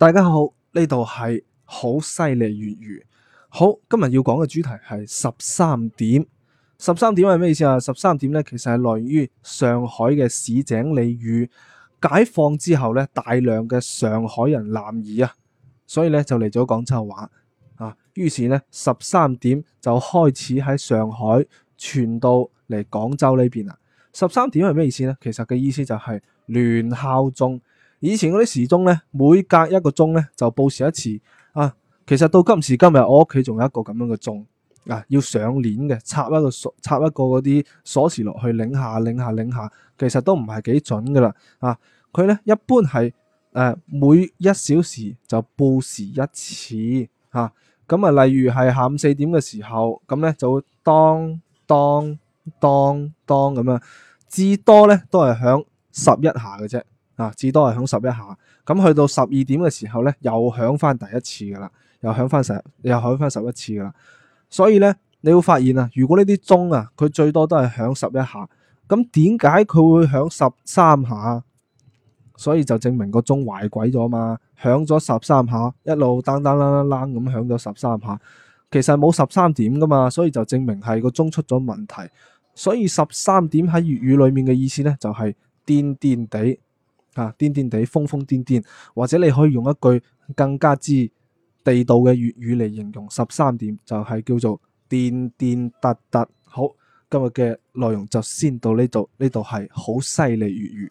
大家好，呢度係猴塞雷粵語。好，今日要講嘅主題係十三點。十三點係咩意思啊？十三點呢，其實係來源於上海嘅市井俚語。解放之後呢，大量嘅上海人南移啊，所以呢就嚟咗廣州話啊。於是呢，十三點就開始喺上海傳到嚟廣州呢邊啦。十三點係咩意思呢？其實嘅意思就係亂校中。以前嗰啲時鐘咧，每隔一個鐘咧就報時一次啊。其實到今時今日，我屋企仲有一個咁樣嘅鐘啊，要上鏈嘅，插一個鎖，插一個嗰啲鎖匙落去，擰下擰下擰下，其實都唔係幾準噶啦啊。佢咧一般係誒、啊，每一小時就報時一次吓。咁啊，啊，例如係下午四點嘅時候，咁咧就會當當當當咁樣，至多咧都係響十一下嘅啫。啊，至多係響十一下咁，去到十二點嘅時候呢，又響翻第一次噶啦，又響翻十，又響翻十一次噶啦。所以呢，你會發現啊，如果呢啲鐘啊，佢最多都係響十一下，咁點解佢會響十三下？所以就證明個鐘壞鬼咗嘛，響咗十三下，一路呯呯呯呯呯咁響咗十三下，其實冇十三點噶嘛，所以就證明係個鐘出咗問題。所以十三點喺粵語裡面嘅意思呢，就係癲癲地。啊！癲癲地，瘋瘋癲癲，或者你可以用一句更加之地道嘅粵語嚟形容十三點就係、是、叫做癲癲突突。好，今日嘅內容就先到呢度，呢度係猴塞雷粵語。